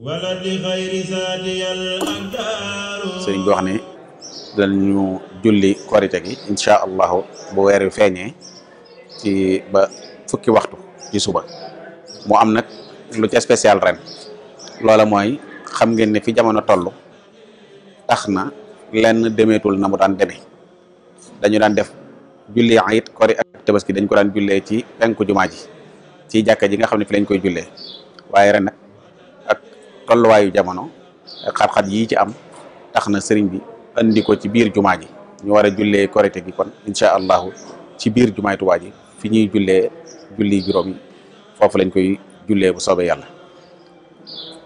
sëriñ bi wax ne danañu julli korite gi incha allahu bu weer wi ci ba fukki waxtu ci suba mu am lu ca spécial ren loola mooy xam ngeen ne fi jamono toll tax na lenn demeetul na mu daan demee dañu daan def julli ayit kori ak tabaski dañ ko daan jullee ci penku jumaa ji ci jàkka ji nga fi lañ koy ren tolluwaayu jamono ak xat-xat yii ci am tax na sëriñ bi indi ko ci biir jumaa ji ñu war a jullee korite gi kon incha allahu ci biir jumaay Tuubaa ji fi ñuy jullee julli juróom yi foofu lañ koy jullee bu soobee yàlla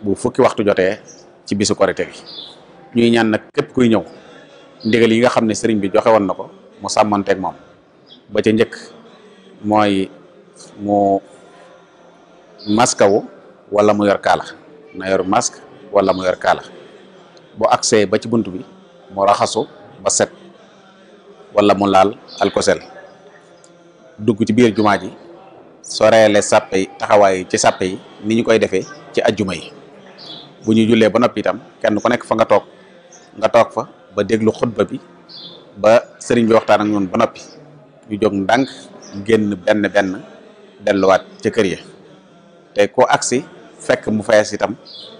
bu fukki waxtu jotee ci bisu korite gi ñuy ñaan nag képp kuy ñëw ndigal yi nga xam ne sëriñ bi joxe woon na ko mu sàmmanteeg moom ba ca njëkk mooy mu maskawu wala mu yor kaala na yor masque wala mu yor kala bo agsee ba ci buntu bi mo raxaso ba set wala mu lal alkosel dugg ci biir jumaa ji soreele sappe taxaway ci sappe ni ñu koy defé ci ajjuma yi bu ñu jullee ba nopi tam kenn ku nek fa nga tok nga tok fa ba deglu khutba bi ba serigne bi waxtaan ak ñun ba nopi ñu ndank genn ben ben delu wat ci kër ya té ko aksi. fekk mu fees itam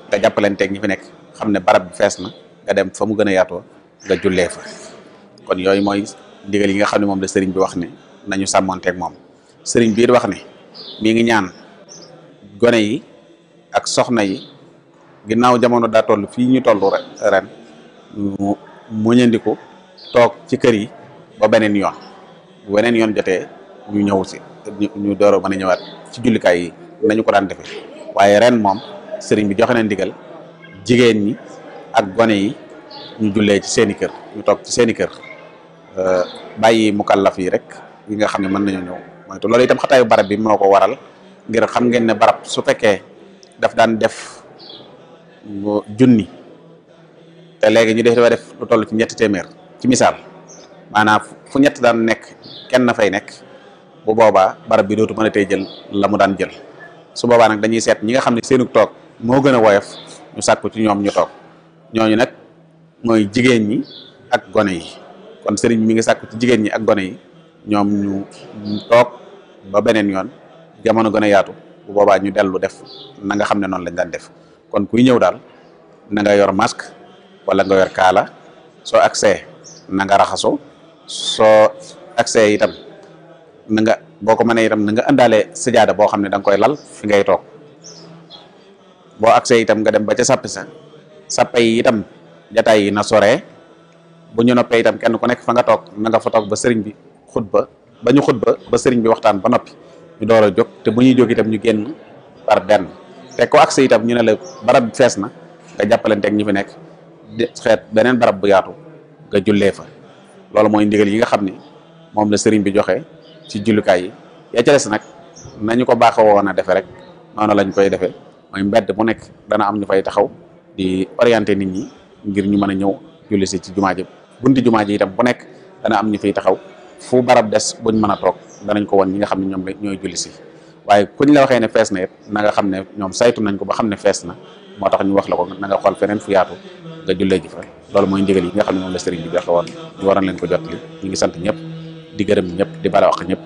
nga jàppalanteeg ñi fi nekk xam ne barab bi fees na nga dem fa mu gën a yaatoo nga jullee fa kon yooyu mooy ndigal yi nga xam ne moom la sëriñ bi wax ne nañu sàmmonteeg moom sëriñ bi wax ne mi ngi ñaan gone yi ak soxna yi ginnaaw jamono daa toll fii ñu toll ren mu muñandiku toog ci kër yi ba beneen yoon weneen yoon jotee ñu ñëw si ñu dooro mën a ñëwaat ci jullikaay yi nañu ko daan defee waye ren sering serigne bi joxene ndigal jigen ni ak gone yi ñu jullee ci seen kër ñu tok ci seen kër euh bayyi mukallaf yi rek yi nga xam ne mën nañu itam barab bi moko waral ngir xam ngeen né barab su féké daf daan def junni té légui ñu def def lu tollu ci ñett témèr ci misal maanaam fu ñett daan nek, kenn na fay nek bu boba barab bi dootu mëna tay jël lamu daan jël su boobaa nag dañuy seet ñi nga xam ne seenug toog moo gën a woyof ñu sàkku ci ñoom ñu toog ñooñu nag mooy jigéen ñi ak gone yi sëriñ mi ngi sàkku jigéen ñi ak gone yi ñoom ñu toog ba beneen yoon jamono gone yaatu bu boobaa ñu dellu def na nga xam ne noonu lañ daan def kon kuy ñëw daal na nga yor masque wala nga yor kaala soo accès na nga raxasu soo accès itam na nga boo iram, nanga itam na nga indaale sajaada boo xam lal fi ngay toog boo itam nga dem ba ca sa sàppe itam jataay na soree bu ñu noppee itam kenn ku nekk fa nga toog bi khutba, ba khutba ba sëriñ bi waxtaan ba noppi ñu door a jóg te bu ñuy itam ñu génn par benn te ko agsee itam ñu ne la barab fees na nga jàppalanteeg ñu fi nekk xeet benen barab bu yaatu ga jullee fa loolu moy ndigal yi nga xamni mom la sëriñ bi joxe ci julukay yi ya ci des nak nañu ko baxa wona def rek noonu lañ koy defé moy mbedd bu nek dana am ñu fay taxaw di orienter nit ñi ngir ñu mëna ñew ñëw ci jumaaji ji bunti jumaa itam bu nek dana am ñu fay taxaw fu barab des buñ mëna tok toog danañ ko won ñi nga xamni ñom ñoom ñooy julli si waaye kuñ la waxé né fess na yépp na nga xamné ñom saytu nañ ko ba xamné fess na motax ñu wax la ko na nga xol fenen fu yaatu nga julé ji fa lolu moy ndigal yi nga xamni mom la sëriñ bi joxe won ñu waroon leen ko jotali ñi ngi sant ñëpp di gërëm ñëpp di bala wax ñëpp